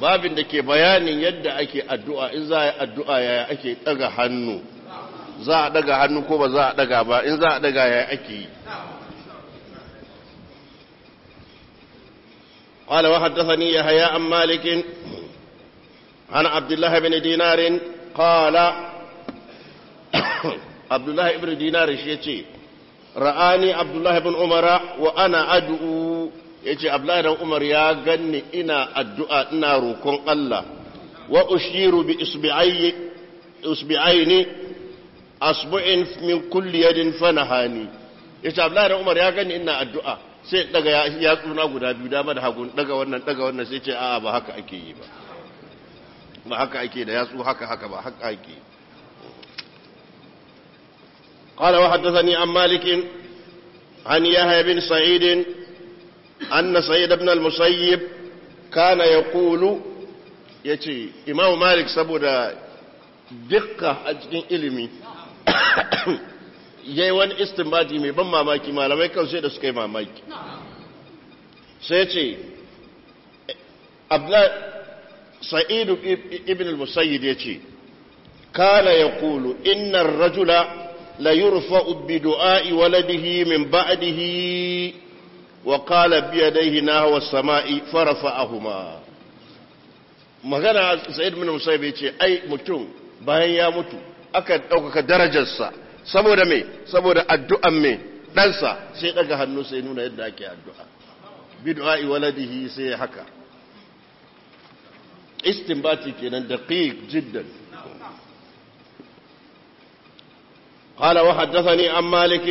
babin da ke bayanin yadda ake addu’a in za a yi addu’a yaya ake daga hannu za a daga hannu ko ba za a daga ba in za a ɗaga yaya ake yi ƙwale wa haddasa ni ya haya an malikin ana abdullahi bin dinarin ƙwala abdullahi ibn dinarin shi ce ra'ani abdullahi bin umara wa ana addu’u ya ce abladan umar ya ganni ina addu'a ina roƙon Allah wa ushiru bi isbi'aini asbu'in min kulli yadin Fana-Hani. ya ce abladan umar ya ganni ina addu'a sai daga ya tsuna guda biyu dama da hagun daga wannan daga wannan sai ce a'a ba haka ake yi ba ba haka ake da yatsu haka haka ba haka ake قال وحدثني عن مالك عن يحيى بن سعيد anna sayyid ibn al-musayyib kana yaqulu yace imamu malik saboda dukka a cikin ilimi yayi wani istinbadi mai ban mamaki malamai kansu da suka yi mamaki sai ce abla sa'id ibn al yace kana yaqulu inna ar-rajula la yurfa'u bi du'a'i waladihi min ba'dihi dai biya hina بيديه sama'i a huma. magana sa'id bin musaib ce ai mutum bayan ya mutu aka ɗaukaka darajarsa saboda me saboda addu'an me ɗansa sai ɗaga hannu sai nuna yadda ake addu'a bid'a'i waladihi sai haka istinbati kenan daqiq jiddan قال وحدثني عن مالك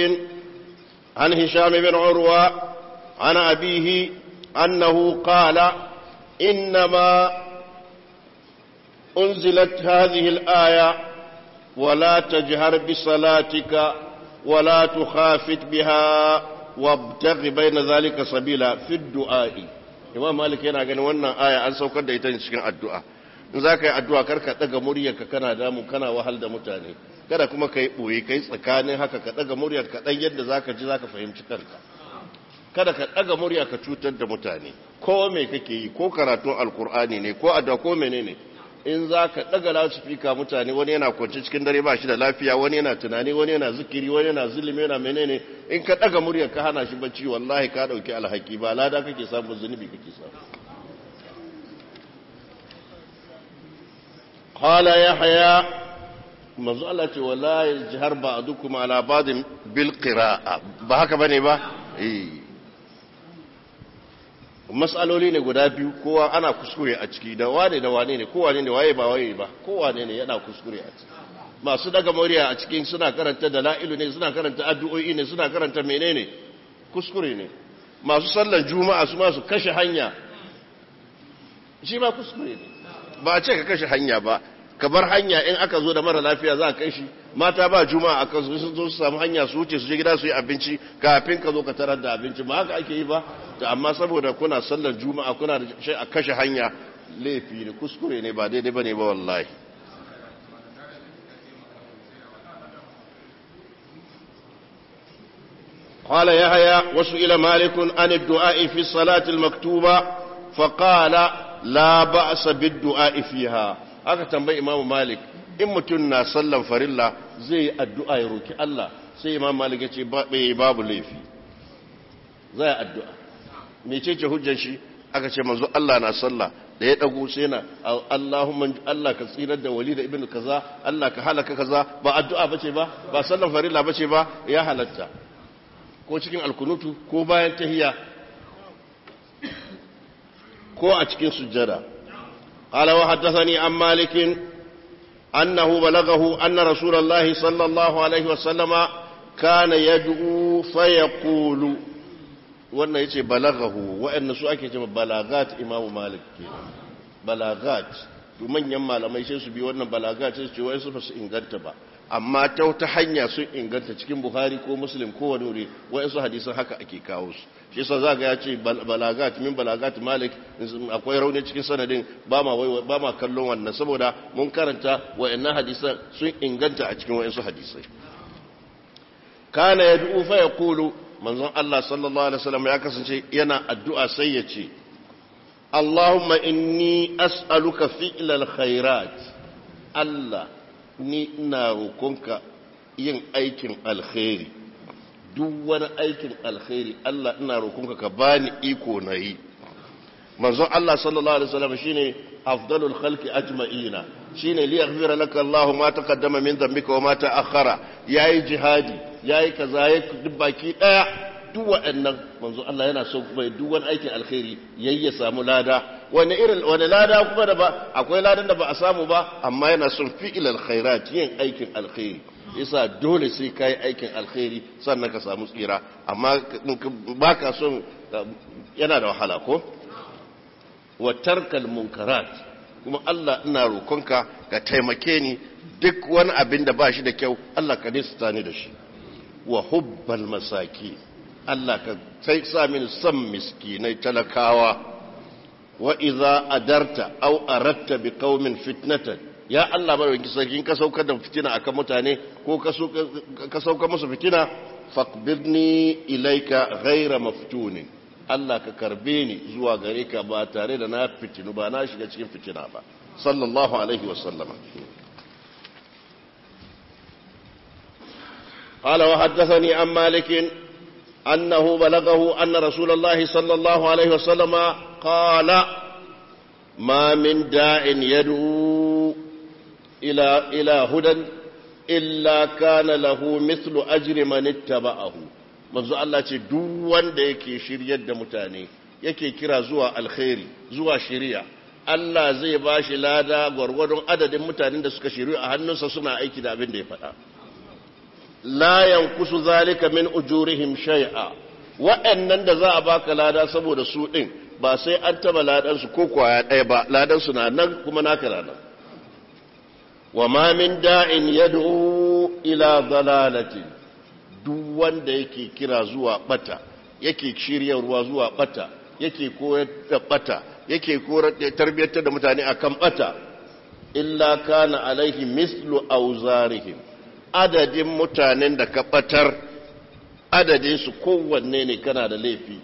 an هشام بن عروه عن أبيه أنه قال إنما أنزلت هذه الآية ولا تجهر بصلاتك ولا تخافت بها وابتغ بين ذلك سبيلا في الدعاء إمام مالك هنا قال وانا آية أن سوك ديتان شكرا الدعاء ذاك الدعاء كركا تقى مريك كنا دامو كنا وهل دامو تاني كنا كما كي أوي هكا تقى مريك كتا يد ذاك جزاك فهمت كركا kada ka daga murya ka cutar da mutane ko mai kake yi ko karatun alkur'ani ne ko adda ko menene in za ka daga lasifika mutane wani yana kwanci cikin dare ba shi da lafiya wani yana tunani wani yana zikiri wani yana zulumi yana menene in ka daga murya ka hana shi bacci wallahi ka dauki alhaki ba lada kake samu zunubi kake samu ce يحيى مزالة ولا يجهر بعضكم على بعض ba haka bane ba eh. Matsaloli ne guda biyu kowa ana kuskure a ciki da wane da wane ne kowa ne waye ba waye ba kowa ne yana kuskure a ciki masu daga murya a cikin suna karanta dala'ilu ne suna karanta addu'o'i ne suna karanta menene kuskure ne masu sallar juma'a su masu kashe hanya shi ma kuskure ne ba a ce ka kashe hanya ba ka bar hanya in aka zo da mara lafiya za a kai shi mata ba juma'a a kansu sun zo su samu hanya su wuce su je gida su yi abinci kafin ka zo ka tarar da abinci ba haka ake yi ba to amma saboda kuna sallar juma'a kuna da shi a kashe hanya laifi ne kuskure ne ba daidai bane ba wallahi قال يحيى وسئل مالك عن الدعاء في الصلاة المكتوبة فقال لا بأس بالدعاء فيها هذا تنبي إمام مالك in mutum na sallan farilla zai yi addu'a ya roki Allah sai imam malik ya ce eh, babu laifi zai addu'a mece ce hujjan shi aka ce manzo Allah na sallah da ya dago sai na Allahumma Allah ka tsirar da wali da ibnu kaza Allah ka halaka kaza ba addu'a ba ce ba ba sallan farilla ba ce ba ya halatta ko cikin alkunutu ko bayan tahiya ko a cikin sujjada قال وحدثني عن مالك annahu balagahu أن رسول sallallahu alaihi الله عليه وسلم كان يدعو فيقول wannan yace balaghahu wa'annan su ake cewa balagat imam malik ke balagat to manyan malamai sai su bi wannan balagat sai su ce wai su fa su inganta ba amma ta wata hanya sun inganta cikin buhari ko muslim ko wani wuri su hadisan haka ake kawo su shi sa za ga ya ce balagat min balagat malik akwai rauni cikin sanadin ba ma ba kallon wannan saboda mun karanta wa'annan hadisan sun inganta a cikin wa'ansu hadisai kana du'u fa kulu manzon Allah sallallahu alaihi wasallam ya kasance yana addu'a sai ya ce Allahumma inni as'aluka fi'lal khairat Allah ni ina rokonka yin aikin alkhairi duk wani aikin alkhairi Allah ina roƙonka ka bani iko na yi manzon Allah sallallahu alaihi wasallam shine afdalul khalqi ajma'ina shine li yaghfira laka Allahu ma taqaddama min dhanbika wa ma ta'akhkhara yayi jihadi yayi kaza yayi duk baki daya duk waɗannan manzon Allah yana so kuma duk wani aikin alkhairi yayi ya samu lada wani irin wani lada kuma da ba akwai ladan da ba a samu ba amma yana son fi'il alkhairat yin aikin alkhairi yasa dole sai kai aikin alkhairi sannan ka samu tsira amma baka son yana da wahala ko wa tarkal munkarat kuma Allah ina rokonka ka taimake ni duk wani abin da ba shi da kyau Allah ka nista ni da shi wa hubbal masaki Allah ka sai sa min san miskinai talakawa wa idza adarta aw aratta biqaumin fitnatan ya Allah ba madaukakin sarki ka saukar da fitina akan mutane ko ka sauka ka sauka musu fitina faqbirni ilayka ghayra maftunin Allah ka karbe ni zuwa gare ka ba tare da na fitinu ba na shiga cikin fitina ba sallallahu alaihi wasallama قال وحدثني عن مالك أنه بلغه أن رسول الله صلى الله عليه وسلم قال ما من داع يدعو ila ila hudan illa kana lahu mithlu ajri man ittaba'ahu manzo Allah ce duk wanda yake shiryar da mutane yake kira zuwa alkhairi zuwa shiriya Allah zai ba shi lada gwargwadon adadin mutanen da suka shiryu a hannunsa suna aiki da abin da ya faɗa la yankusu zalika min ujurihim shay'a wa'annan da za a baka lada saboda su din ba sai an taba ladansu ko kwaya ɗaya ba ladansu na nan kuma naka ladan وما من داع يدعو الى ضلاله duk wanda yake kira zuwa bata yake ruwa zuwa bata yake koyar da bata yake da tarbiyyar da mutane akan bata illa kana alaihi mislu auzarihim adadin mutanen da ka batar adadin su kowanne ne kana da laifi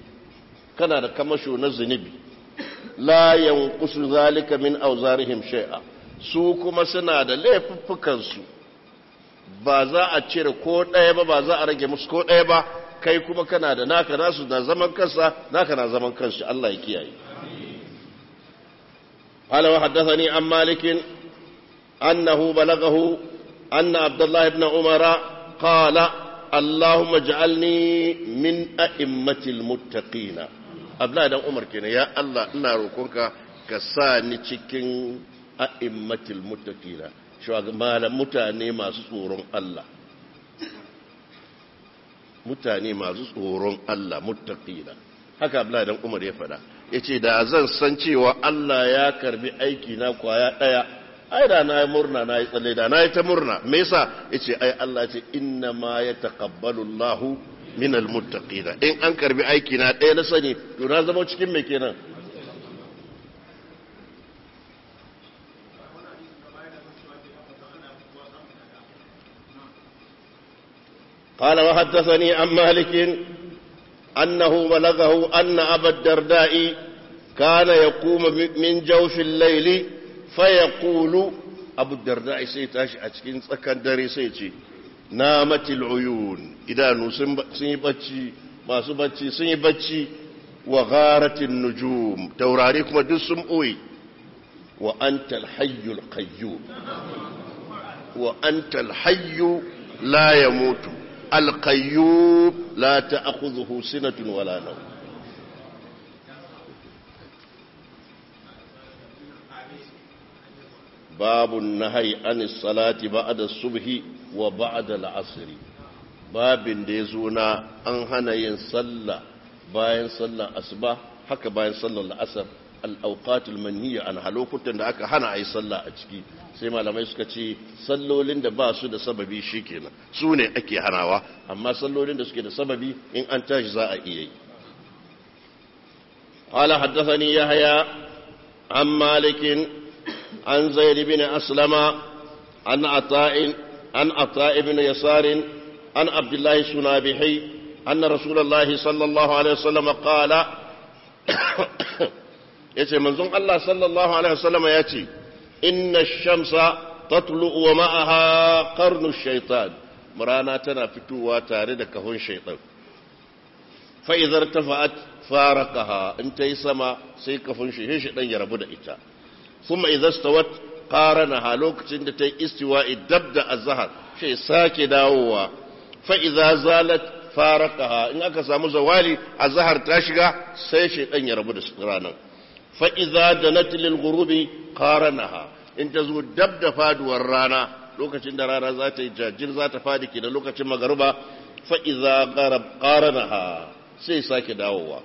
kana da kamasho na zunubi la yanqusu zalika min auzarihim shay'a su kuma suna da laifuffukansu ba za a cire ko ɗaya ba ba za a rage musu ko ɗaya ba kai kuma kana da naka nasu na zaman kansa naka na zaman kansu Allah ya kiyaye قال وحدثني عن مالك أنه بلغه أن عبد الله بن عمر قال اللهم اجعلني من أئمة المتقين عبد الله بن عمر كنا يا الله sa كساني تشكين a'immatil muttaqina shugaban mutane masu tsoron Allah mutane masu tsoron Allah muttaqina haka Abdullahi dan Umar ya fada yace da zan san cewa Allah ya karbi aiki na kwaya daya ai da na yi murna na yi tsalle da na yi ta murna me yasa yace ai Allah ce inna ma yataqabbalu Allahu minal almuttaqina in an karbi aiki na daya na sani to na zama cikin mai kenan قال وحدثني عن مالك أنه بلغه أن أبا الدرداء كان يقوم من جوف الليل فيقول أبو الدرداء سيتاش أتكين سكندري سيتي نامت العيون إذا نسيبتي ما سبتي سيبتي وغارت النجوم ما دسم أوي وأنت الحي القيوم وأنت الحي لا يموت alkayu la ta aku zuhu sinatun walano babun nahai anis salati ba da subhi wa ba a da la'asiri babin da ya zo na an hana yin salla bayan sallan asuba haka bayan sallar la'asar al-awqatul manhiya an halokutan da aka hana ayi sallah a ciki sai malamai suka ce sallolin da ba su da sababi kenan, su ne ake hanawa amma sallolin da suke da sababi in an tashi za a iya yi qala ya haya, an malikin an zaid bin aslama an yasarin, an ata ibn yasar an na Rasulallah sallallahu alaihi wasallam qala Ya yace manzon Allah sallallahu alaihi wasallama yace inna shamsa tatlu wa ma'aha qarnu shaitan rana tana fitowa tare da kahon shaytan fa idza fara kaha in yi sama sai kafin shi shi ɗan ya rabu da ita kuma idza stawat ha lokacin da yi istiwa dabda az-zahar sai sake dawowa fa idza zalat kaha in aka samu zawali azahar ta shiga sai shi ɗan ya rabu da ranan فإذا دنت للغروب قارنها إن تزو دب دفاد ورانا لوكا شندرا رزات جاجر زات فادك إلى لوكا شمغربا فإذا غرب قارنها سيساك داوة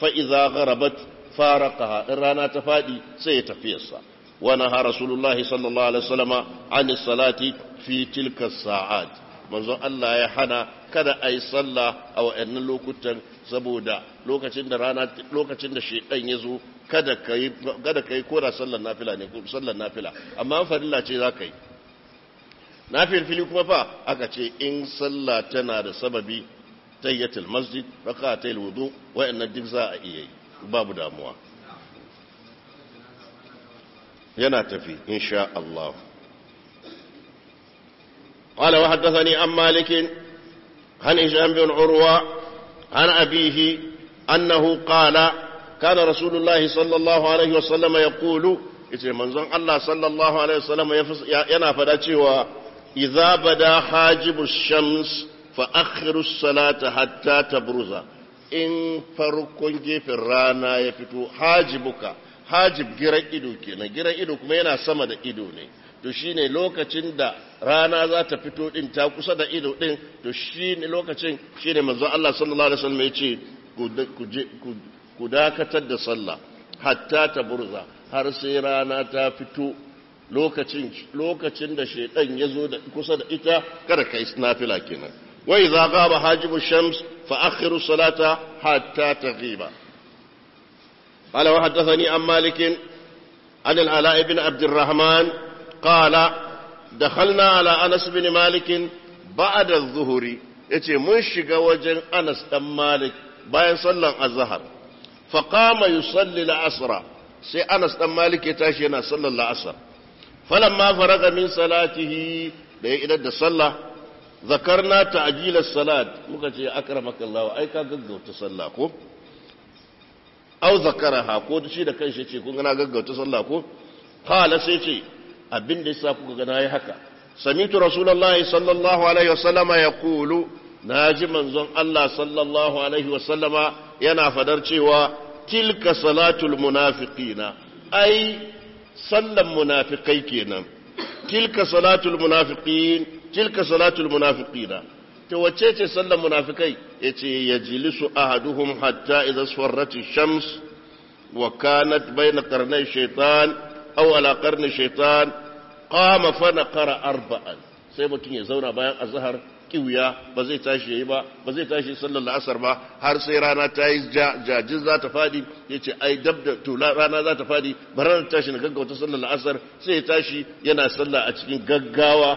فإذا غربت فارقها الرانا تفادي سيتفيصا ونهى رسول الله صلى الله عليه وسلم عن الصلاة في تلك الساعات منذ الله يحنى كذا أي صلى أو أن لوكتن saboda lokacin da rana lokacin da shedan ya zo kada ka kada kai kora sallar nafila ne ko sallar nafila amma farilla ce za ka yi nafil fili kuma fa aka ce in salla tana da sababi tayyatul masjid rak'atayil wudu wa'annan duk za a iya yi babu damuwa yana tafi insha Allah قال وحدثني عن مالك عن هشام بن عروة عن أبيه أنه قال كان رسول الله صلى الله عليه وسلم يقول yace manzon Allah sallallahu alaihi wasallam yana fada cewa idza bada hajibu shams fa akhiru salata hatta tabruza in farkon gefen rana ya fito hajibuka hajib giran ido kenan giran ido kuma yana sama da ido ne to shi ne lokacin da rana za ta fito din ta kusa da ido din to shi ne lokacin shi ne mazu Allah sallallahu alaihi wasallam ce ku dakatar da sallah hatta ta burza har sai rana ta fito lokacin da shaidan ya da kusa da ita kada ka yi nafila kenan wa idza ghaba hajibu shams fa salata hatta ta taghiba قال وحدثني عن مالك عن العلاء بن عبد الرحمن قال دخلنا على انس بن مالك بعد الظهر يتي من شق وجن انس بن مالك باين صلى الظهر فقام يصلي العصر سي ya بن مالك يتاشينا صلى العصر فلما فرغ من صلاته da ya idar da sallah zakarna ta'jilar salat muka ce akramaka ai ka gaggauta sallah ko au zakaraha ko shi da kanshi ce kun na gaggauta sallah ko qala sai ce abin da yasa kuka gana yi haka samitu rasulullahi sallallahu alaihi wasallama yaqulu naji manzon Allah sallallahu alaihi wasallama yana fadar cewa tilka salatul munafiqina ai sallan munafiqai kenan tilka salatul munafiqin tilka salatul munafiqina to wacce ce sallan munafiqai yace yajlisu ahaduhum hatta idha swarrat ash-shams wa kanat bayna qarnay shaytan aw ala qarni shaitan qama fa naqara arba'an sai mutum ya zauna bayan azhar kiwiya ba zai tashi yayi ba ba zai tashi sallar la'asar ba har sai rana ta yi jajin za ta fadi ya ce ai dab da tula rana za ta fadi ba rana tashi na gaggauta sallar la'asar sai ya tashi yana sallah a cikin gaggawa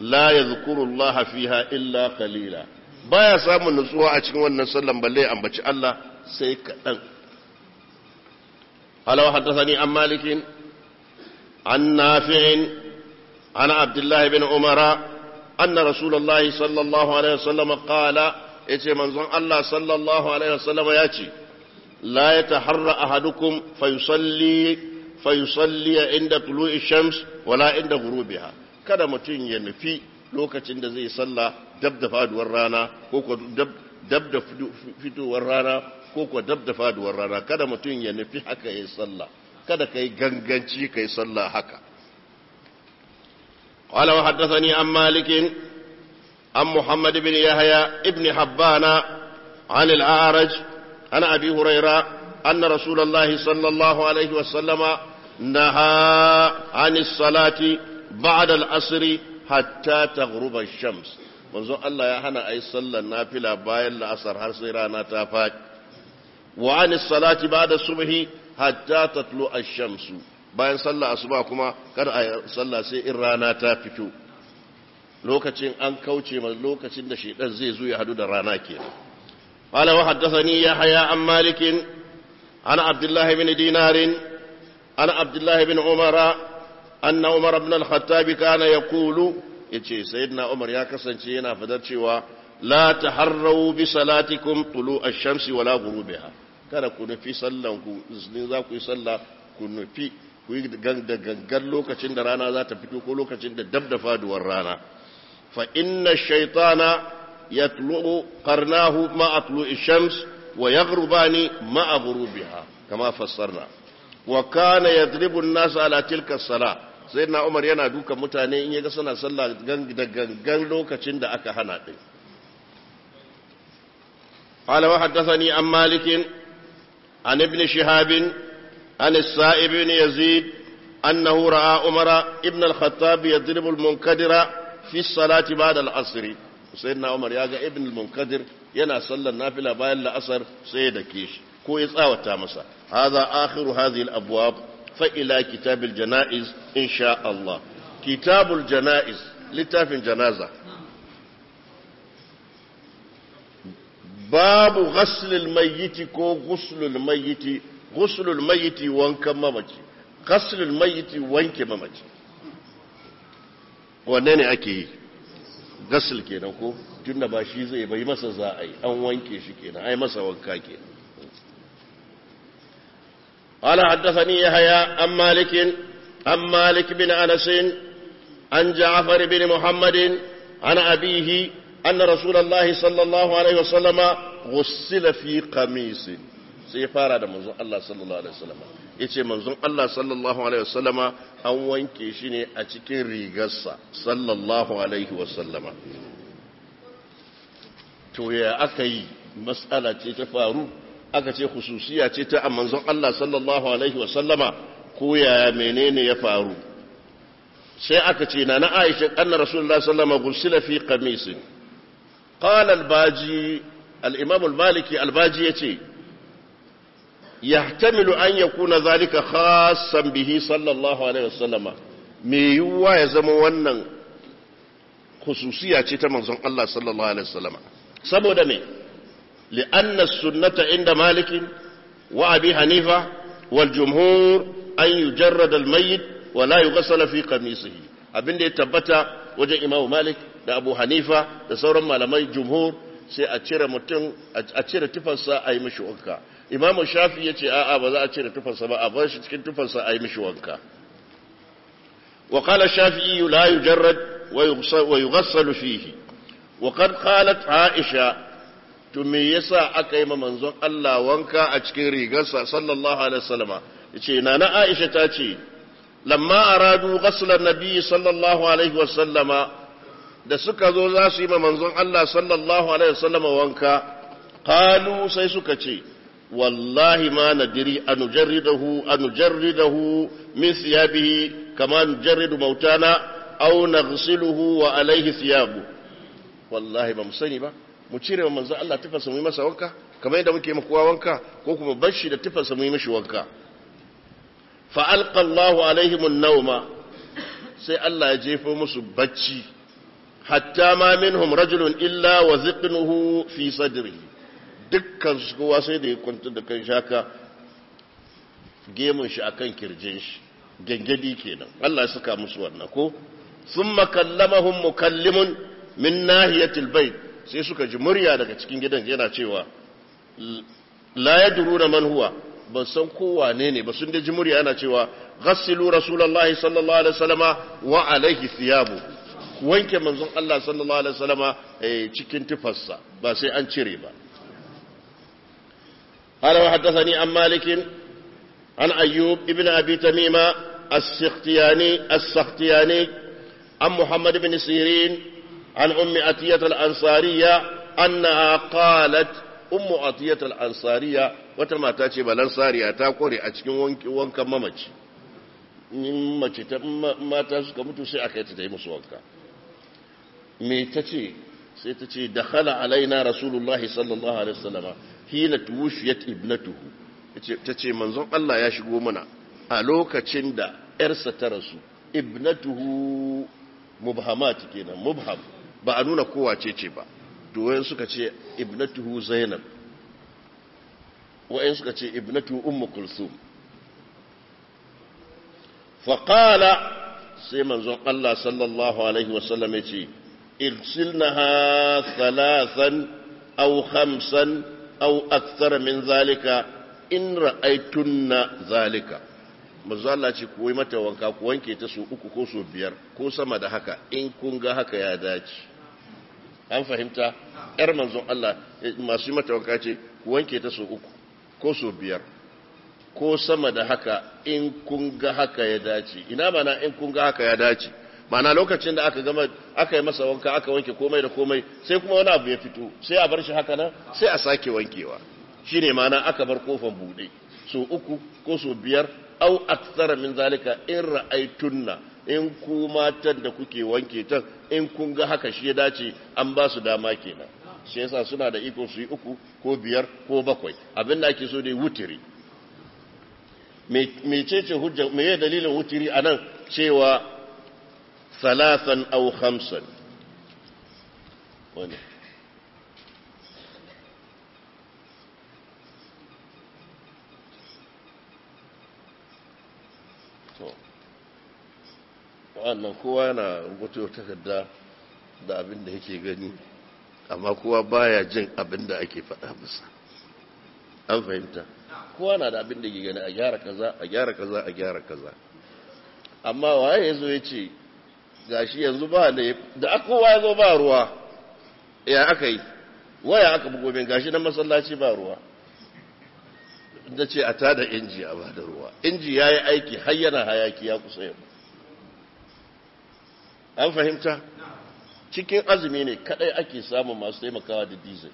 la ya zukurullaha fiha illa kalila baya samun nutsuwa a cikin wannan sallan balle ambaci Allah sai kaɗan قال وحدثني عن مالك عن نافع عن عبد الله بن عمر أن رسول الله صلى الله عليه وسلم قال من منظم الله صلى الله عليه وسلم ياتي لا يتحرى أحدكم فيصلي فيصلي عند طلوع الشمس ولا عند غروبها كذا متين ya nufi lokacin da zai salla dab ورانا faduwar دب ko dab ko kuwa dab da faduwar rana kada mutum ya nufi haka ya sallah kada ka yi ganganci ka yi sallah haka ƙwala wa haddasa ni an malikin an muhammadu bin yahaya ibni habbana an al'araj an abi huraira an na rasulallah sallallahu alaihi wasallama na ha anis salati ba'ad al'asri hatta ta shams manzon Allah ya hana ayi yi sallar nafila bayan la'asar har sai rana ta faɗi وعن الصلاة بعد الصبح حتى تطلع الشمس bayan sallah asuba kuma kar a sallah sai in rana ta fito lokacin an kauce ma lokacin da shedan zai zo ya hadu da rana kenan qala wa haddathani yahya an malik an abdullah ibn dinar an abdullah ibn umara anna umar ibn al-khattab kana yaqulu yace sayyidina umar ya kasance yana fadar cewa la taharru bi salatikum tulu ash-shamsi wala ghurubiha kada ku nufi sallan ku ne za ku yi sallah ku nufi ku yi da gangar lokacin da rana za ta fito ko lokacin da dab da faduwar rana fa inna tulo karnahu ma a tulo shams wa a ma'a ghurubiha kama fassarna wa kana ya dribun nas ala tilka as Sai na umar yana duka mutane in ya ga suna salla da gangan lokacin da aka hana din قال وحدثني عن مالك عن ابن شهاب عن السائب بن يزيد أنه رأى عمر ابن الخطاب يضرب المنكدر في الصلاة بعد العصر سيدنا عمر يا ابن المنكدر ينا صلى النافلة بعد العصر سيدك كيش كويس إصاوة تامسة هذا آخر هذه الأبواب فإلى كتاب الجنائز إن شاء الله كتاب الجنائز لتاف جنازة babu ghaslul mayyiti ko ghuslul mayyiti ghuslul mayyiti wankan mamaci ghaslul mayyiti wanke mamaci wanne ne ake yi ghasl kenan ko tunda ba shi zai bai masa za a yi an wanke shi kenan ai masa wanka kenan قال حدثني يحيى عن مالك عن مالك بن انس عن جعفر بن محمد عن ابيه أن رسول الله صلى الله عليه وسلم غسل في قميص sai fara da manzon Allah sallallahu alaihi wasallam yace manzon Allah sallallahu alaihi wasallama an wanke shi ne a cikin rigarsa sallallahu alaihi wasallama to ya aka yi mas'ala ce ta faru aka ce khususiya ce ta a manzon Allah sallallahu alaihi wasallama ko ya menene ya faru sai aka ce na na Aisha anna rasulullahi sallallahu alaihi wasallama gusila fi qamisin قال الباجي الإمام المالكي الباجي يتي يحتمل أن يكون ذلك خاصا به صلى الله عليه وسلم ميوا يزم ونن خصوصية تمنزن الله صلى الله عليه وسلم سبو دمي لأن السنة عند مالك وأبي حنيفة والجمهور أن يجرد الميت ولا يغسل في قميصه أبن دي تبتا وجه إمام مالك da abu hanifa da sauran malamai jumhur sai a cire mutum a cire tufarsa a yi mishi wanka imamu shafi ya ce a'a ba za a cire tufarsa ba a bar shi cikin tufarsa a yi mishi wanka wa qala shafi'i la yujarrad wa wa yughassalu fihi wa qad qalat aisha to me yasa aka yi ma manzon Allah wanka a cikin rigarsa sallallahu alaihi wasallam yace nana aisha ta ce lamma aradu ghasla nabi sallallahu alaihi wasallama da suka zo za su yi ma manzon Allah sallallahu alaihi wasallam wanka qalu sai suka ce wallahi ma nadiri an nujarridahu an hu min siyabihi, kama na. mautana aw naghsiluhu wa alaihi siyabu. wallahi ba mu sani ba mu cire wa manzon Allah tufarsa mu yi masa wanka kamar yadda muke makuwa wanka ko kuma bashi da tufarsa mu yi mishi wanka fa alqa Allahu alaihim nawma sai Allah ya jefo musu bacci hatta ma minhum rajulun illa wa ziqnuhu fi sadrihi dukkan su kowa sai da ya kwanta da kan shaka gemun shi akan kirjin shi gengedi kenan Allah ya saka musu wannan ko summa kallamahum mukallimun min nahiyatil bait sai suka ji murya daga cikin gidan yana cewa la da man huwa ban san kowa ne ne ba sun da ji murya yana cewa ghassilu rasulullahi sallallahu alaihi wasallama wa alaihi thiyabu wanke manzon Allah sallallahu alaihi wasallama eh, cikin tufarsa ba sai an cire ba قال وحدثني عن مالك عن أيوب ابن أبي تميمة السختياني السختياني عن محمد بن سيرين عن أم أتية الأنصارية أنها قالت أم أتية الأنصارية وتما تاتي بالأنصارية تاكوري أتكين وانك وانك ممج ممج ماتا سكمتو سيأكيت تيمس وانك me ta ce sai ta ce da hala alaina rasulullahi sallallahu alaihi wasallama hina tuwufiyat ibnatuhu ta ce manzon Allah ya shigo mana a lokacin da ‘yarsa ta rasu ibnatuhu mubhamat kenan mubham ba a nuna kowa ce ce ba wayan suka ce ibnatuhu zainab wayan suka ce ibnatuhu ummu kulsum qala sai manzon Allah sallallahu alaihi wasallam ya ce اغسلنها ثلاثا أو خمسا أو أكثر من ذلك in ra'aitunna zalika manzo Allah ce ku yi mata wanka ku wanke ta su uku ko su biyar ko sama da haka in kun ga haka ya dace an fahimta yar manzon Allah masu mata wanka ce ku wanke ta su uku ko su biyar ko sama da haka in kun ga haka ya dace ina mana in kun ga haka ya dace mana lokacin da aka gama aka yi masa wanka aka wanke komai da komai sai kuma wani abu ya fito sai a bar shi haka nan sai a sake wankewa shine mana aka bar kofan bude so uku ko so biyar au aksara min zalika in ra'aitunna in ku tan da kuke wanke ta in kun ga haka shi ya dace an ba su dama kenan shi yasa suna da iko su yi uku ko biyar ko bakwai abin da ake so dai wutiri mecece hujja me dalilin wutiri anan cewa salasan au hamsan wani kowa na rubuta takarda da abin da yake gani amma kowa baya jin abin da ake faɗa masa an fahimta kowa na da abin da ke gani a gyara kaza a gyara kaza a gyara kaza amma waye ya zo ya ce gashi yanzu ba da da kowa ya zo ba ruwa ya aka yi waya aka bugo min gashi na masallaci ba ruwa da ce a tada inji a ba da ruwa inji ya yi aiki har yana hayaki ya kusa yau an fahimta cikin azumi ne kadai ake samun masu taimakawa da diesel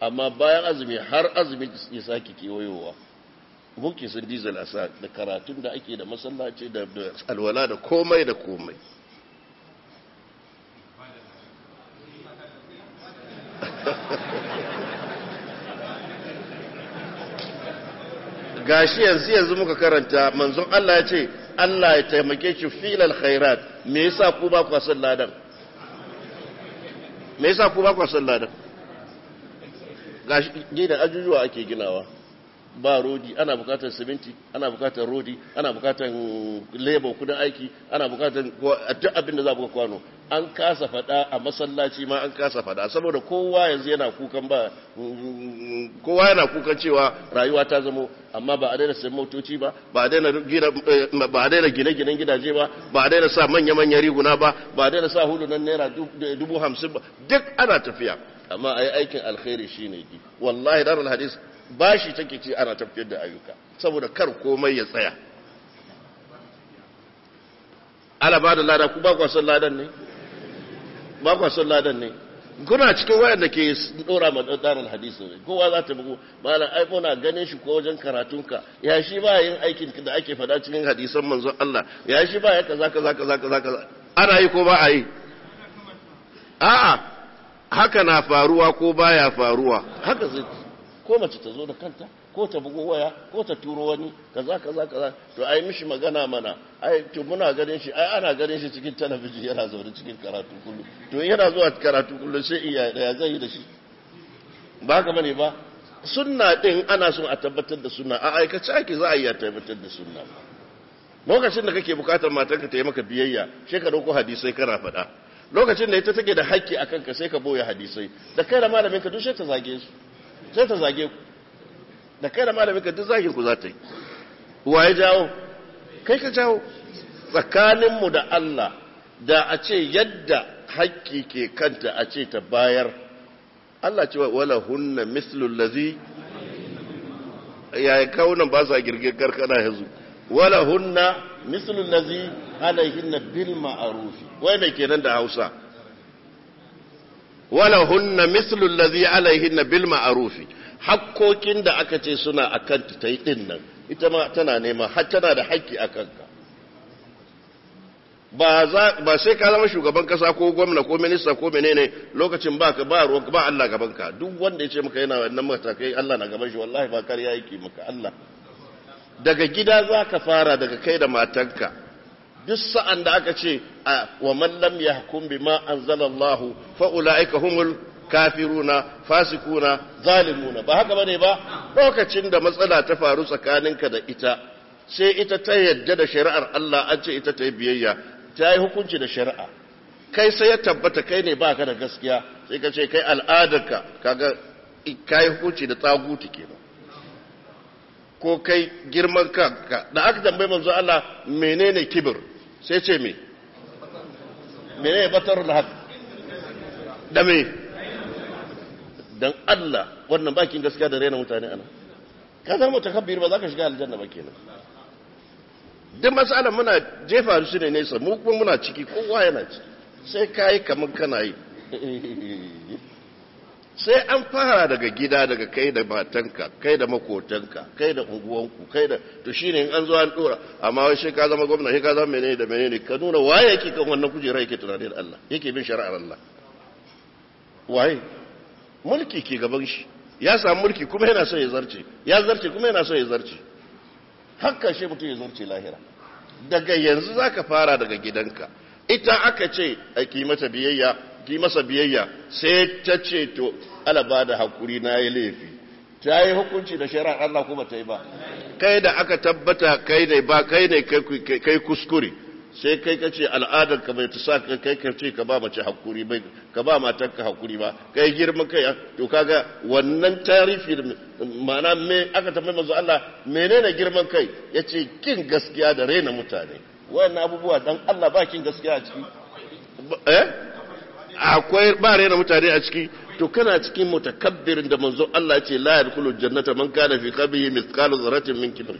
amma bayan azumi har azumi ya sake kewayowa bukisin diesel a sa da karatun da ake da masallaci da alwala da komai da komai gashi yanzu yanzu muka karanta manzon Allah ya ce Allah ya taimake shi filal khairat me yasa ku ba ku san ladan me yasa ku ba ku san ladan gashi gidan ajujuwa ake ginawa ba rodi ana bukatar siminti ana bukatar rodi ana bukatar uh, lebo kudin aiki ana bukatar duk abin da za buga kwano an kasa fada a masallaci ma an kasa fada saboda kowa yanzu yana kukan ba mm, mm, kowa yana kukan cewa rayuwa ta zamo amma ba a daina sayan motoci ba eh, ba a daina gine-ginen gidaje ba ba a daina sa manya manya riguna ba ba a daina sa hulunan naira eh, dubu hamsin ba duk ana tafiya amma a yi aikin alkhairi shine ne wallahi darul hadis bashi take ce ana tafiyar da ayyuka saboda kar komai ya tsaya ala ba da lada ku ba kwasan son ladan ne ba son ladan ne kuna cikin wayar da ke dora ma darin ne kowa za ta bugu malam ai na ganin shi ko wajen karatunka ya shi ba yin aikin da ake fada cikin hadisan manzon Allah ya shi ba ya kaza kaza kaza kaza kaza ana yi ko ba a yi a'a haka na faruwa ko baya faruwa haka zai ko mace ta zo da kanta ko ta bugo waya ko ta turo wani kaza kaza kaza to ai mishi magana mana ai to muna ganin shi ai ana ganin shi cikin talabijin yana zaune cikin karatu kullum to yana zuwa karatu kullum sai iya da zai yi da shi ba ka bane ba sunna din ana son a tabbatar da sunna a aikace ake za a iya tabbatar da sunna lokacin da kake bukatar matarka ta yi maka biyayya sai ka dauko hadisai kana faɗa lokacin da ita take da haƙƙi akan ka sai ka boye hadisai da kai da malamin ka sai ta zage su sai ta zage ku da kai da malamin ka duk zagin ku za ta yi wa ya jawo kai ka jawo tsakaninmu da Allah da a ce yadda haƙƙi ke kanta a ce ta bayar Allah ce wala hunna mislul ladhi yayin kaunan ba sa girge karkana yanzu wala hunna mislul ladhi alaihinna bil ma'ruf wai ne kenan da Hausa wala hunna mislu allazi alaihinna bil ma'ruf hakkokin da aka ce suna akan ta tai din nan ita ma tana nema har tana da haƙƙi akan ka ba za ba sai ka zama shugaban kasa ko gwamna ko minista ko menene lokacin ba ba ba Allah gaban ka duk wanda ya ce maka yana wannan matakai Allah na gaban shi wallahi ba kariya yake maka Allah daga gida za ka fara daga kai da matanka duk sa'an da aka ce wa man lam yahkum bima Allah fa ulaika humul kafiruna fasikuna zalimuna ba haka ne ba lokacin da matsala ta faru tsakaninka da ita sai ita ta yadda da shari'ar Allah an ce ita ta yi biyayya ta yi hukunci da shari'a kai sai ya tabbata kai ne ba ka da gaskiya sai ka ce kai al'adarka kaga ka yi hukunci da tsaguti kenan ko kai girman kanka da aka tambaye manzo Allah menene kibir sai ce me mene ya da haka da me don Allah wannan bakin gaskiya da raina mutane ana ka zama kabbiyar ba za ka shiga aljanna ba kenan duk matsalar muna jefa su ne nesa mu kuma muna ciki kowa yana ciki sai ka yi kamar kana yi sai an fara daga gida daga kai da matanka kai da makotanka kai da unguwanku kai da to shine in an zo an dora amma wai shi ka zama gwamna shi ka zama menene da menene ka nuna waye yake kan wannan kujera yake tunanin Allah yake bin shari'ar Allah waye mulki ke gaban shi ya samu mulki kuma yana so ya zarce ya zarce kuma yana so ya zarce hakka shi mutum ya zarce lahira daga yanzu zaka fara daga gidanka ita aka ce a kimata biyayya ki masa biyayya sai ta ce to alaba da hakuri na yi laifi ta yi hukunci da shari'ar Allah kuma ta yi ba kai da aka tabbata kai ne ba kai ne kai kuskure sai kai ka ce al'adar ka bai tusa ka kai ka ce ka ba mace hakuri bai ka ba matar ka hakuri ba kai girma kai ah, to kaga wannan tarifi ma'ana me aka tafi mazu Allah menene girman kai ce kin gaskiya da raina mutane wayan abubuwa dan Allah ba kin gaskiya a ciki eh akwai ba na mutane a ciki to kana cikin mutakabbirin da manzo Allah ce la yadkhulu jannata man kana fi qalbihi mithqalu dharratin min kibr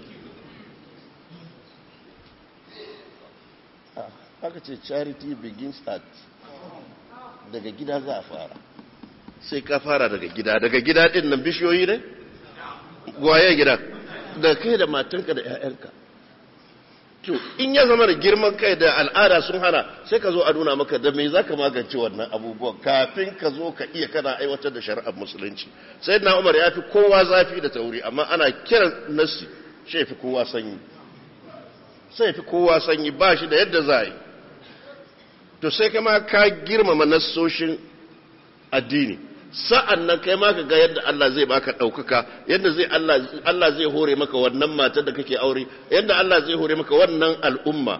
ah, aka ce charity begins at daga gida za a fara sai ka fara daga gida daga gida din nan bishiyoyi ne waye gida da kai da matanka da 'ya'yanka to in ya zama da girman kai da al'ada sun hana sai ka zo a nuna maka da me zaka magance wannan abubuwan kafin ka zo ka iya kana aiwatar da shari'ar musulunci sai na umar ya fi kowa zafi da tauri amma ana kiran nasi sai fi kowa sanyi sai fi kowa sanyi ba shi da yadda za yi to sai kama ka girmama nasoshin addini sa'an nan kai ma ka ga yadda Allah zai baka ɗaukaka yadda zai Allah zai hore maka wannan mata da kake aure yadda Allah zai hore maka wannan al'umma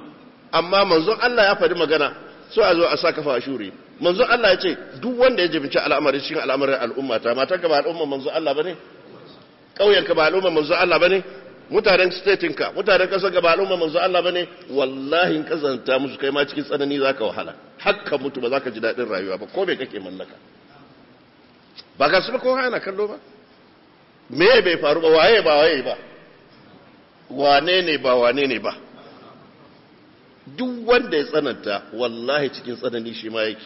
amma manzon Allah ya faɗi magana so a zo a sa kafa a shuri manzon Allah ya ce duk wanda ya jibinci al'amarin cikin al'amarin al'umma ta matar ka ba al'umma manzon Allah bane ƙauyen ka ba al'umma manzon Allah bane mutanen statin ka mutanen kasar ka ba al'umma manzon Allah bane wallahi in kazanta musu kai ma cikin tsanani zaka wahala hakka mutu ba zaka ji daɗin rayuwa ba ko bai kake mallaka ba ga su ba kowa yana kallo ba me bai faru ba waye ba waye ba wane ne ba wane ne ba duk wanda ya tsananta wallahi cikin tsanani shi ma yake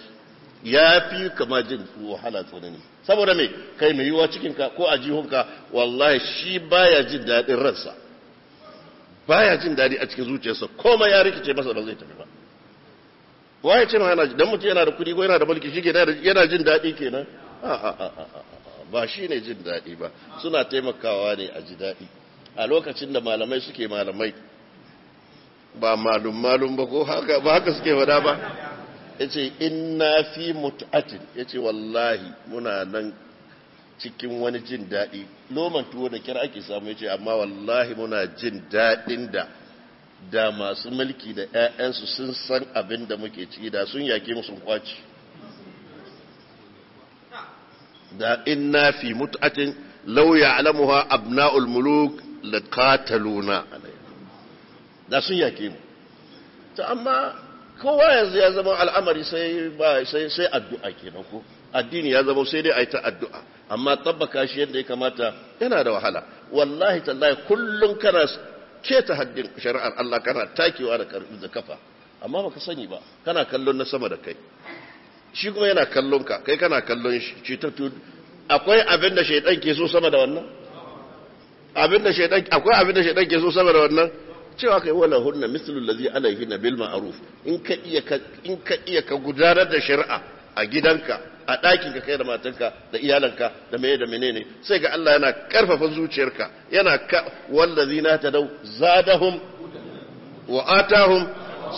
ya fi kama jin wahala tsanani saboda me kai mai yiwuwa cikinka ko a jihunka wallahi shi baya jin daɗin ransa baya jin daɗi a cikin zuciyarsa komai ya rikice masa ba zai tafi ba waye ce ma yana dan mutum yana da kuɗi ko yana da mulki shi yana jin daɗi kenan ba shi ne jin daɗi ba suna taimakawa ne a ji daɗi a lokacin da malamai suke malamai ba malum-malum ba ko haka suke wada ba ya ce ina fi mutu'atin ya ce wallahi muna nan cikin wani jin daɗi loman tuwo da kira ake samu ya ce amma wallahi muna jin daɗin da da masu mulki da 'ya'yansu sun san abin da muke ciki da sun yake musu kwaci da inna fi mut'atin law ya'lamuha abna'ul muluk kataluna. da sun yake mu ta amma kowa yanzu ya zama al'amari sai addu'a kenan ko addini ya zama sai dai a yi ta addu'a amma tabbaka shi yadda ya kamata yana da wahala wallahi tallahi kullum kana keta haddin shari'ar Allah kana takewa da kafa amma baka sani ba kana kallon na sama da kai shi kuma yana kallon ka kai kana kallon shi cutattu akwai abin da shaidan ke so sama da wannan abin da shaidan akwai abin da shaidan ke so sama da wannan cewa kai wala hunna mislul ladzi alayhi bil ma'ruf in ka iya ka in ka iya ka gudanar da shari'a a gidanka a ɗakin ka kai da matanka da iyalanka da meye da menene sai ga Allah yana karfafa zuciyarka yana ka na tadau zadahum wa atahum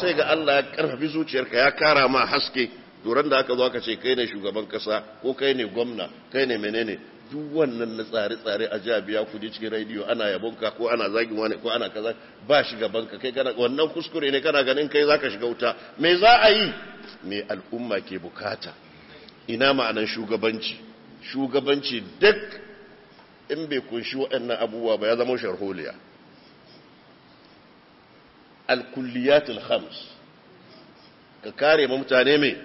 sai ga Allah ya karfafi zuciyarka ya kara ma haske duran da aka zo aka ce kai ne shugaban kasa ko kai ne gwamna kai ne menene duk wannan na tsare-tsare a jiya biya kudi cikin rediyo ana yabonka ko ana zagin wani ko ana kaza ba shi banka kai kana wannan kuskure ne kana ganin kai zaka shiga wuta me za a yi me al'umma ke bukata ina ma'anan shugabanci shugabanci duk in bai kunshi waɗannan abubuwa ba ya zama sharholiya al-kulliyatul khams ka kare mutane mai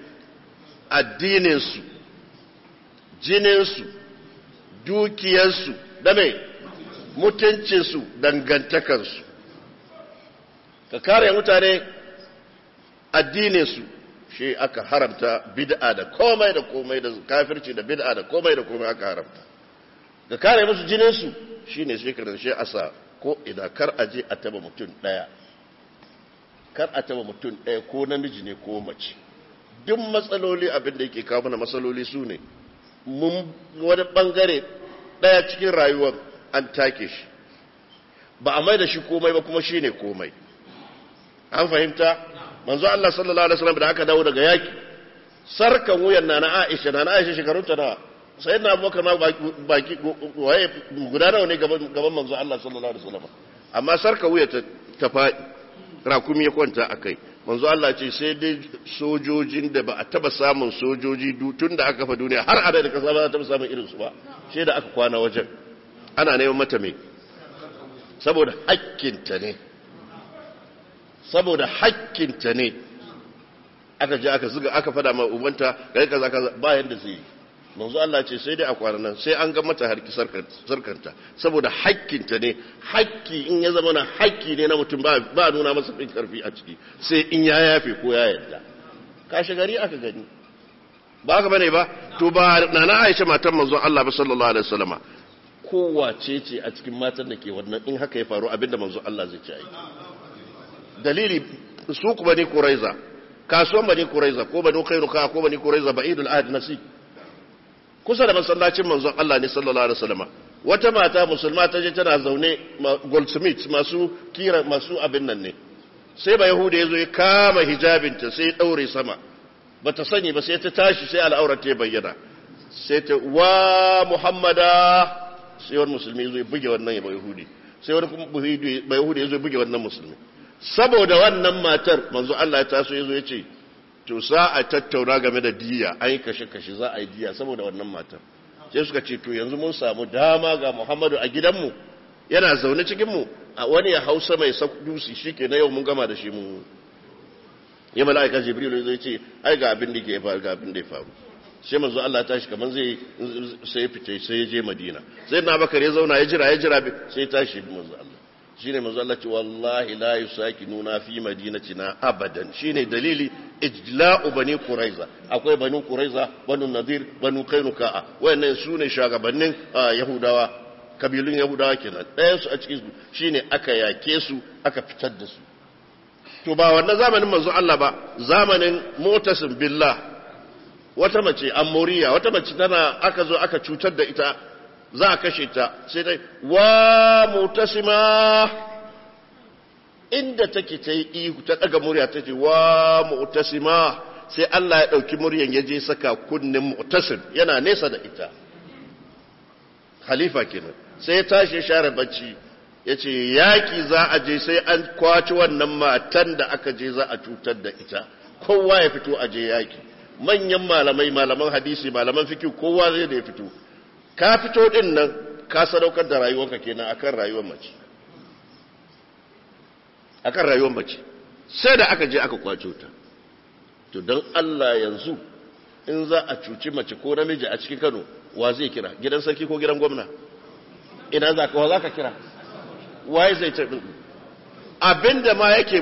addininsu jininsu dukiyansu da mai mutuncinsu dangantakarsu ka kare mutane addininsu shi aka haramta bid'a da komai da komai da kafirci da bid'a da komai da komai aka haramta ka kare musu jininsu shi ne shekarar shi asa ko idan kar a je a taba mutum ɗaya kar a taba mutum ɗaya ko namiji ne ko mace duk matsaloli abinda yake kawo mana matsaloli su ne mun wani bangare daya cikin rayuwar an take shi ba a mai da shi komai ba kuma shi ne komai an fahimta manzo Allah sallallahu alaihi wasallam da aka dawo daga yaki sarkan wuyan nana Aisha nana Aisha shekarunta da sai na abubakar ma baki waye guda nawa ne gaban manzo Allah sallallahu alaihi wasallam amma sarka wuya ta faɗi rakumi ya kwanta akai manzo Allah ce sai dai sojojin da ba a taba samun sojoji tun da aka fa duniya har a da kasa ba za ta taba samun irinsu ba sai da aka kwana wajen ana neman mata mai saboda hakkinta ne saboda hakkinta ne aka je aka zuga aka fada ma ubanta ga kaza kaza ba yanda zai yi manzo Allah ce sai dai a kwana nan sai an ga mata harki sarkanta saboda hakkinta ne hakki in ya zama na hakki ne na mutum ba nuna masa bin karfi a ciki sai in ya yafe ko ya yadda kashe gari aka gani ba ka bane ba to ba na na Aisha matan manzo Allah ba sallallahu alaihi wasallama kowa ce a cikin matan da ke wannan in haka ya faru abinda manzo Allah zai ci aiki dalili su ku ne kuraiza kasuwan bani kuraiza ko bani Kairuka ko bani kuraiza ba'idul adnasi kusa da masallacin manzon Allah ne sallallahu alaihi wasallam wata mata musulma ta je tana zaune goldsmith masu kira masu abin nan ne sai ba yahuda yazo ya kama hijabinta sai ya daure sama ba ta sani ba sai ta tashi sai al'aurar ta bayyana sai ta wa muhammada sai wani musulmi yazo ya buge wannan ba yahudi sai wani kuma yahudi yazo ya buge wannan musulmi saboda wannan matar manzo Allah ya taso yazo ya ce to za a tattauna game da diya an yi kashe-kashe za a yi diya saboda wannan matan sai suka ce to yanzu mun samu dama ga muhammadu a gidanmu yana zaune cikinmu a wani ya hausa mai sakudusi shi ke na yau mun gama da shi mu yi mala'aika jibrilu zai ce ai ga abin da ke faru ga abin da ya faru sai manzo Allah ta tashi kamar zai sai fice sai ya je Madina sai na bakar ya zauna ya jira ya jira sai ta tashi manzo Allah shine manzo Allah ce wallahi la nuna fi na abadan shine dalili ijla'u bani quraiza akwai bani quraiza banu nadir banu kainuka wayannan ne shagabannin yahudawa kabilun yahudawa kenan dayansu a cikin su shine aka yake su aka fitar da su to ba wannan zamanin manzo Allah ba zamanin mutasim billah wata mace amoriya wata mace tana aka zo aka cutar da ita za a kashe ta sai dai wa mutasima inda take ta yi ihu ta daga murya ta ce wa mutasima sai Allah ya dauki muryan ya je saka kunnin mutasim yana nesa da ita khalifa kenan sai ya tashi share bacci yace yaki za a je sai an kwaci wannan matan da aka je za a cutar da ita kowa ya fito a je yaki manyan malamai malaman hadisi malaman fikir kowa zai da ya fito ka fito din nan ka sadaukar da rayuwanka kenan akan rayuwar mace akan rayuwar mace sai da aka je aka kwaco ta to don Allah yanzu in za a cuci mace ko namiji a cikin Kano wa zai kira gidan sarki ko gidan gwamna ina za ka wa za ka kira waye zai ce abinda ma yake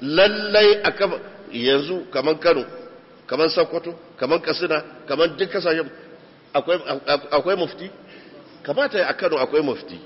lallai a kafa yanzu kaman Kano kaman Sokoto kaman Katsina kaman duk kasashen akwai mufti kamata a kano akwai mufti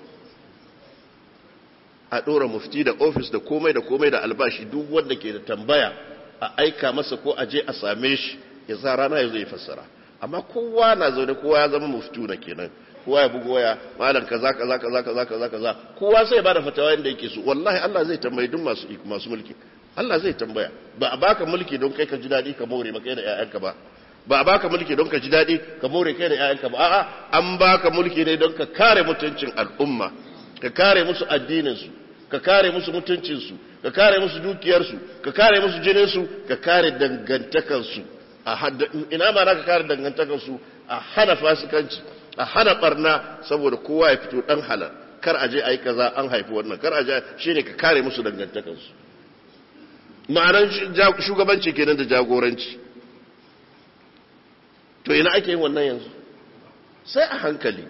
a ɗora mufti da ofis da komai da komai da albashi duk wanda ke da tambaya a aika masa ko aje a same shi ya sa rana ya zo ya fassara amma kowa na zaune kowa ya zama muftu na kenan kowa ya bugu waya malam kaza kaza kaza kaza kaza kaza kowa sai ba da fatawa yanda yake so wallahi Allah zai tambayi duk masu masu mulki Allah zai tambaya ba a baka mulki don kai ka ji dadi ka more maka da ƴaƴanka ba ba a baka mulki don ka ji daɗi ka more kai da 'ya'yanka ba a'a an baka mulki ne don ka kare mutuncin al'umma ka kare musu addininsu ka kare musu mutuncinsu ka kare musu dukiyarsu ka kare musu jininsu ka kare A hada ina ma ka kare su a hana fasikanci a hana barna saboda kowa ya fito dan halal kar aje ayi kaza an haifi wannan kar aje shine ka kare musu su ma'anar shugabanci kenan da jagoranci to ina ake yin wannan yanzu sai a hankali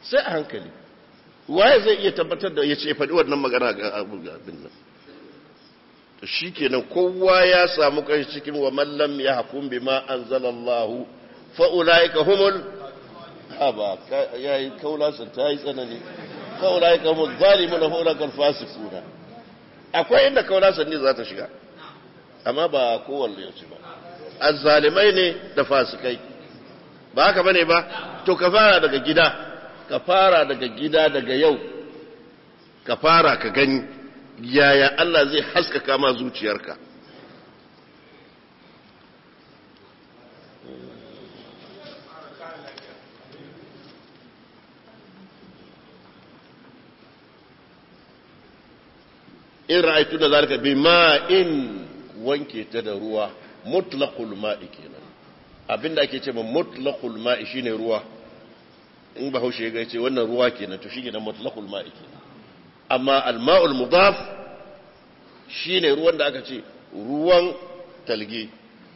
sai a hankali waye zai iya tabbatar da ya ce faɗi wannan magana ga abin nan to shi kenan kowa ya samu kai cikin wa mallam ya hakun bi ma an zalallahu fa'ula'ika humul ba ya yi kaulansa ta yi tsanani fa'ula'ika humul hula na su kuna akwai inda kaulansa ne za ta shiga amma ba kowanne yace ba azzalimai ne da fasikai ba haka bane ba to ka fara daga gida ka fara daga gida daga yau ka fara ka gani yaya Allah zai haskaka ma zuciyarka in ra'aitu da zarka bi ma'in wanke ta da ruwa mutlaqul ma'i kenan abinda ake ce ma mutlaqul ma'i shine ruwa in ba haushe ga ce wannan ruwa kenan to shine mutlaqul ma'i kenan amma al-ma'ul mudaf shine ruwan da aka ce ruwan talge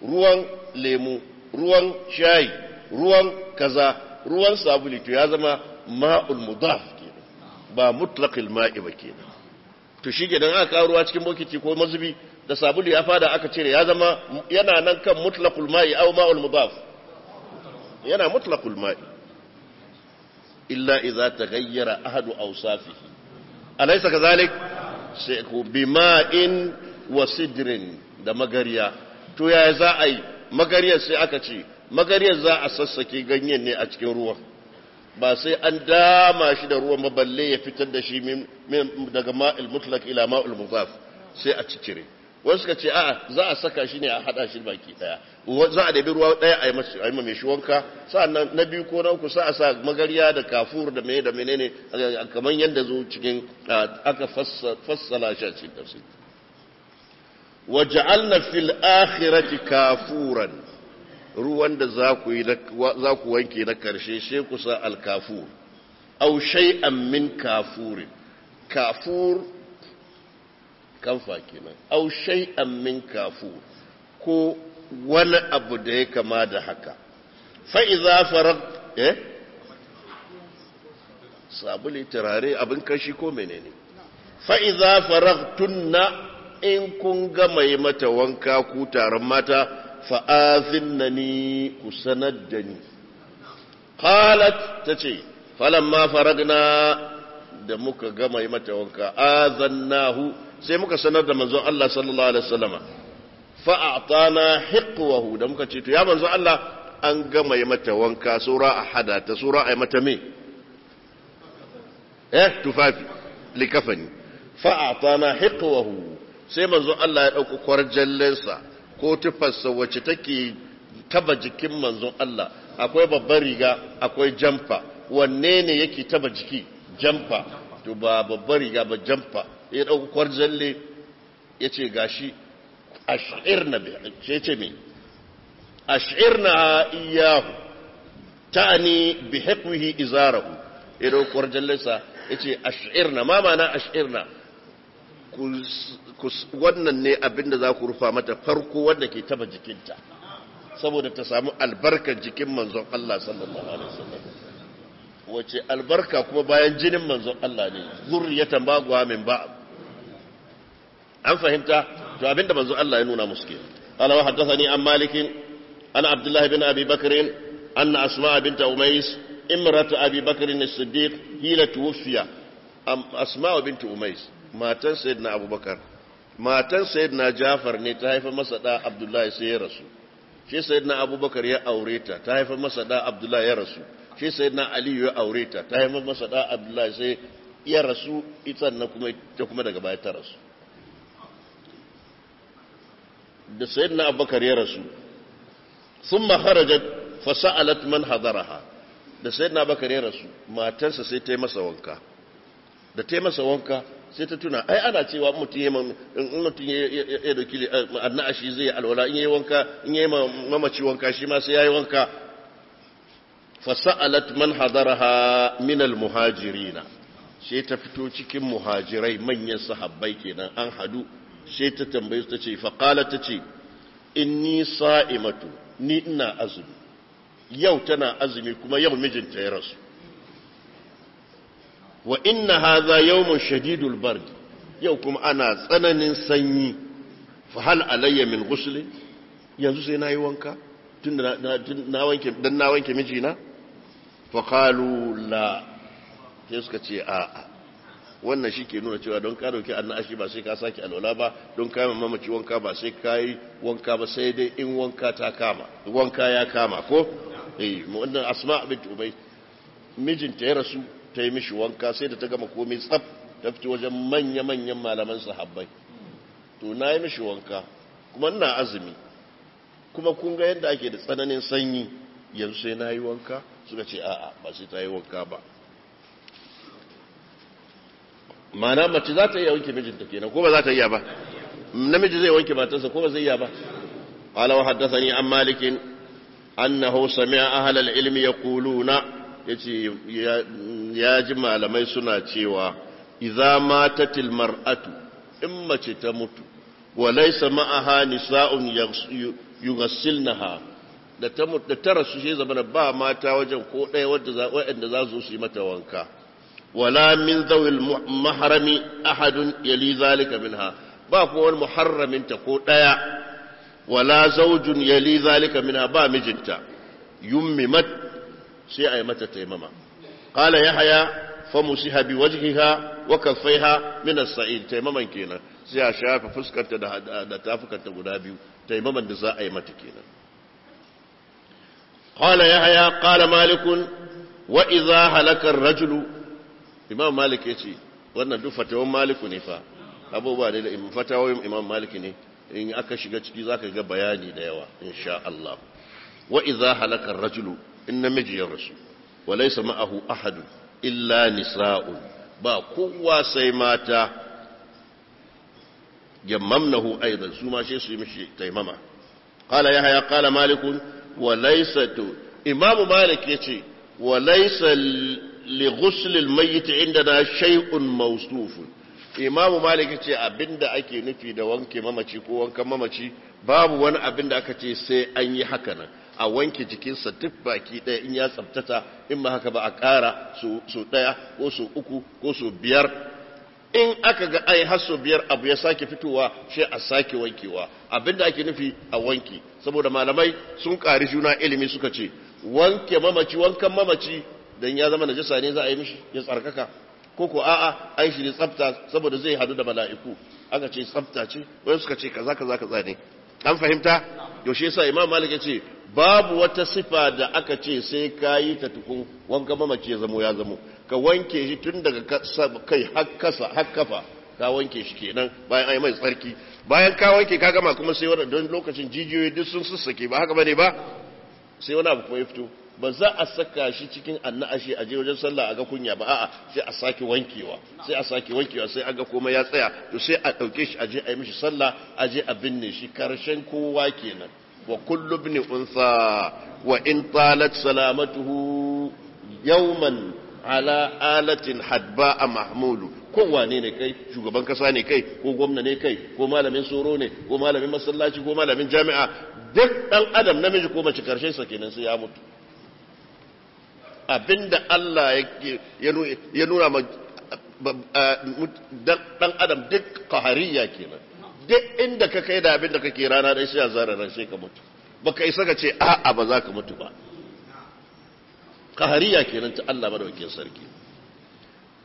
ruwan lemu ruwan shayi ruwan kaza ruwan sabuli to ya zama ma'ul mudaf kenan ba mutlaqul ma'i ba kenan to shi gidan aka kawo ruwa cikin bokiti ko mazubi da sabulu ya fada aka cire ya zama yana nan kan mutlaqul ma'i aw ma'ul mudaf yana mutlaqul ma'i illa idza taghayyara ahadu awsafihi alaysa kadhalik sheku bima'in wa sidrin da magariya to yaya za a yi magariyar sai aka ce magariyar za a sassake ganyen ne a cikin ruwa ba sai an dama shi da ruwan maballe ya fitar da shi daga ma'il mutlaq ila ma'ul mudaf sai a cicire wasu suka ce a'a za a saka shi ne a hada shi baki daya za a dabi ruwa daya a yi masu a mai shi wanka sa'annan na biyu ko na uku sa a sa magariya da kafur da mene da menene kamar yadda zo cikin aka fassala shi a cikin tafsir waja'alna fil akhirati kafuran ruwan da za ku wanke na karshe sai kusa al kafur aw shay'an min kafurin kafur kamfa kenan au shay'an min kafu ko wani abu da ya kama da haka fa idza farag eh sabuli turare abin kashi ko menene fa idza faragtunna in kun ga mai mata wanka ku taron mata fa azinnani ku sanar da ni qalat tace falamma faragna da muka ga mai mata wanka azannahu sai muka sanar da manzon Allah sallallahu alaihi wasallama fa'atana hiqwahu da muka ce to ya manzon Allah an gama yi mata wanka sura ahada hada ta sura a mata me eh tufafi likafani fa'atana hiqwahu sai manzon Allah ya dauko kwarjallensa ko tufarsa wacce take taba jikin manzon Allah akwai babbar riga akwai jamfa wanne ne yake taba jiki jamfa to ba babbar riga ba jamfa ya ɗauki kwarjalle ya ce gashi ashirna ce ce me ashirna iyahu ta'ani bi haqwihi izarahu ya ɗauki kwarjallensa ya ce ashirna ma mana ashirna wannan ne abinda za ku rufa mata farko wanda ke taba jikinta saboda ta samu albarkar jikin manzon Allah sallallahu alaihi wasallam wace albarka kuma bayan jinin manzon Allah ne zurriyatan bagwa min ba'a. an fahimta to abinda manzo Allah ya nuna musu ke qala wa haddathani an malikin ana abdullah ibn abi bakr an asma bint umays imrat abi bakr as-siddiq hila tuwfiya am asma bint umays matan sayyidina abubakar matan sayyidina jafar ne ta haifa masa da abdullahi sai ya rasu shi sayyidina abubakar ya aure ta ta haifa masa da abdullahi ya rasu shi sayyidina ali ya aure ta ta haifa masa da abdullahi sai ya rasu ita na kuma ta kuma daga baya ta rasu da na abubakar ya rasu sun maharajat fasa'alat man hadaraha da na abubakar ya rasu matarsa sai ta yi masa wanka da ta yi masa wanka sai ta tuna ai ana cewa mutum ya mutum ya doki eh, ashi zai alwala in yi wanka in yi mamaci wanka shi ma sai yayi wanka fasa'alat man hadaraha min na sai ta fito cikin muhajirai manyan sahabbai kenan an hadu sai ta tambaye su ta ce faƙala ta ce ni sa'imatu ni ina azumi yau tana azumi kuma yau mijinta ya rasu wa inna yau mun shadidul bard yau kuma ana tsananin sanyi fa hal alayya min gusle yanzu sai nayi wanka tun na wanke dan na wanke mijina fa la sai suka ce a'a wannan shi ke nuna cewa don ka dauki annashi ba sai ka sake alwala ba don ka mamaci wanka ba sai ka yi wanka ba sai dai in wanka ta kama wanka ya kama ko eh wannan asma bint ubay mijinta ya rasu ta yi mishi wanka sai da ta gama komai tsaf ta fito wajen manya manyan malaman sahabbai to na yi mishi wanka kuma ina azumi kuma kun ga yadda ake da tsananin sanyi yanzu sai na yi wanka suka ce a'a ba sai ta yi wanka ba mana mace za ta iya wanke mijinta kenan ko ba za ta iya ba namiji zai wanke matarsa ko ba zai iya ba qala wa haddathani an malikin annahu sami'a ahla al-ilmi yaquluna yace ya ji malamai suna cewa idza matatil mar'atu in mace ta mutu wa laysa ma'aha nisa'un yughassilnaha da ta mutu da ta rasu shi zamana ba mata wajen ko ɗaya wadda za su yi mata wanka ولا من ذوي المحرم أحد يلي ذلك منها باكو المحرم تقول ديا ولا زوج يلي ذلك منها با مجنتا يممت سيئة متى تيمما قال يحيى فمسيها بوجهها وكفيها من الصعيد تيمما كينا سيا شاف فسكت دا تافكت تقنابي تيمما دزاء ايمت كينا قال يحيى قال مالك وإذا هلك الرجل imam malik ya ce wannan duk fatawan maliku ne fa abubuwa ne da fatawoyin imam malik ne in aka shiga ciki za ka ga bayani da yawa sha Allah wa iza halaka rajulu in namiji ya rasu wa laysa ma'ahu ahadu illa nisa'u. ba kowa sai mata yammamnahu aidan su ma shi su yi mishi taimama qala ya haya qala malikun? wa laysa imamu malik yace wa laysa لغسل الميت عندنا شيء موصوف امام imamu malik ce abinda ake nufi da wanke mamaci ko wankan mamaci babu wani abin da aka ce sai an yi haka nan a wanke jikinsa duk baki daya in ya tsabtata in ma haka ba a kara su daya ko su uku ko su biyar in aka ga ai har su biyar abu ya sake fitowa shi a sake wankewa abinda ake nufi a wanke saboda malamai sun kare juna ilimi suka ce wanke mamaci wankan mamaci dan ya zama najisa ne za a yi mishi ya tsarkaka ko ko a'a ai shi ne tsafta saboda zai hadu da mala'iku aka ce tsafta ce wai suka ce kaza kaza kaza ne an fahimta yaushe yasa imam malik ya ce babu wata sifa da aka ce sai ka yi ta tukun wanka mamaci ya zamo ya zamo ka wanke shi tun daga kai har kafa ka wanke shi kenan bayan ai mai tsarki bayan ka wanke ka gama kuma sai wannan don lokacin jijiyoyi duk sun sussake ba haka bane ba sai wani abu kuma ya fito ba za a saka shi cikin annashi a je wajen sallah a ga kunya ba a'a sai a sake wankewa sai a sake wankewa sai a ga komai ya tsaya to sai a dauke shi a je a yi mishi sallah a je a binne shi karshen kowa kenan wa kullu ibn unsa wa in talat salamatuhu yawman ala alatin hadba a mahmulu wane ne kai shugaban kasa ne kai ko gwamna ne kai ko malamin tsoro ne ko malamin masallaci ko malamin jami'a duk dan adam namiji ko mace karshen sa kenan sai ya mutu abinda Allah ya nuna ma dan adam duk kahariya kenan duk inda ka kai da abinda kake rana dai sai zara ran shi ka mutu baka isa ka ce a'a ba za ka mutu ba kahariya kenan ta Allah madaukakin sarki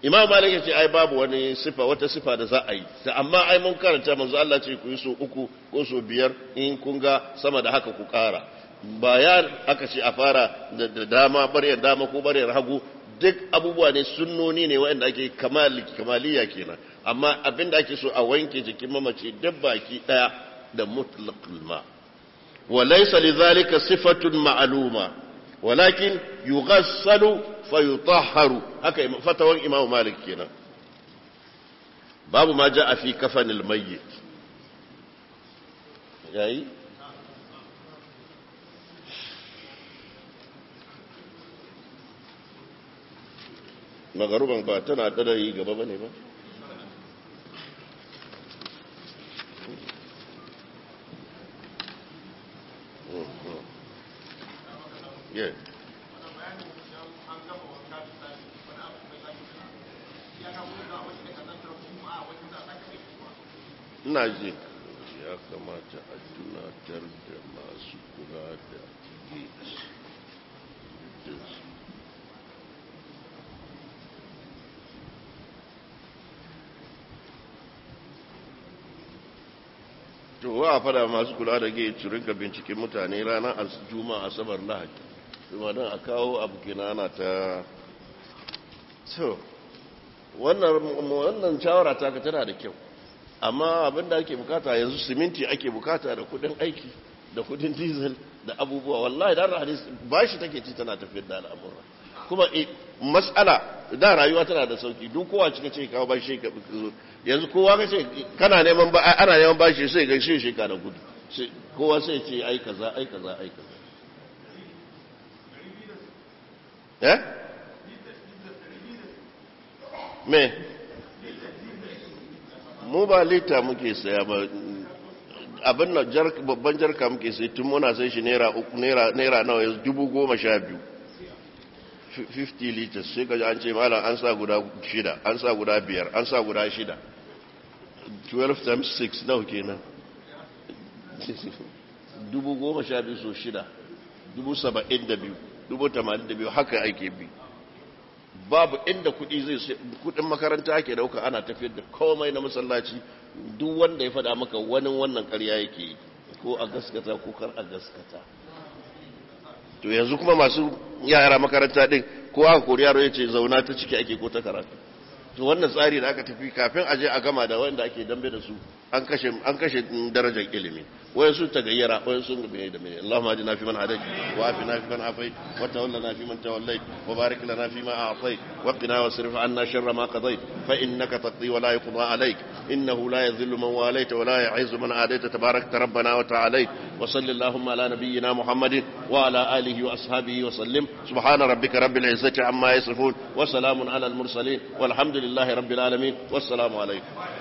imam malik yace ai babu wani sifa wata sifa da za a yi sai amma ai mun karanta manzo Allah ce ku yi so uku ko so biyar in kun ga sama da haka ku kara bayan aka ce a fara da dama baryan dama ko baryan hagu duk abubuwa ne sunnoni ne waɗanda ake kamaliya kenan amma abin da ake so a wanke jikin mamaci duk baki ɗaya da mutlaqul ma wa laysa zalika sifatun ma'luma walakin yughassalu fayutahharu haka fatawan imamu malik kenan babu ma ja'a fi kafanil mayyit yayi magaruban ba tana dada yi gaba bane ba yeah ina ji ya kamata a tunatar da masu kula da gidansu to wa a fada masu kula da gai cirin binciken mutane ranar juma asabar lahadi kuma don a kawo abu kinana ta so wannan shawara ta tana da kyau amma abinda ake bukata yanzu siminti ake bukata da kudin aiki da kudin diesel da abubuwa wallahi dan ba bashi take ci tana tafiyar da al'amura kuma eh, matsala da rayuwa tana da sauki duk kowa cika ce kawo shi ka zo yanzu kowa ka ce kana neman ba ana neman shi sai ga shi ka da gudu kowa sai ce ai kaza ai kaza ai kaza eh me mu ba lita muke saya ba abin nan babban jarka muke sai tun muna sai shi naira nawa yanzu dubu goma sha biyu 50 liters sai ka an ce malam an sa guda shida an sa guda biyar an sa guda shida 12 times 6 nau kenan dubu goma sha biyu so shida dubu saba'in da biyu dubu tamanin da biyu haka aike bi babu inda kudi zai kudin makaranta ake dauka ana tafiyar da komai na masallaci duk wanda ya faɗa maka wani wannan karya yake ko a gaskata ko kar a gaskata to yanzu kuma masu yara makaranta din ko aka kori yaro yace zauna ta ciki ake ko ta karatu to wannan tsari da aka tafi kafin a je a gama da wanda ake dambe da su an kashe darajar ilimi وين تغيرا وين سن بين إيه دمين اللهم اهدنا فيمن هديت وعافنا فيمن عافيت وتولنا فيمن توليت وبارك لنا فيما اعطيت وقنا واصرف عنا شر ما قضيت فانك تقضي ولا يقضى عليك انه لا يذل من واليت ولا يعز من عاديت تبارك ربنا وتعاليت وصل اللهم على نبينا محمد وعلى اله واصحابه وسلم سبحان ربك رب العزه عما يصفون وسلام على المرسلين والحمد لله رب العالمين والسلام عليكم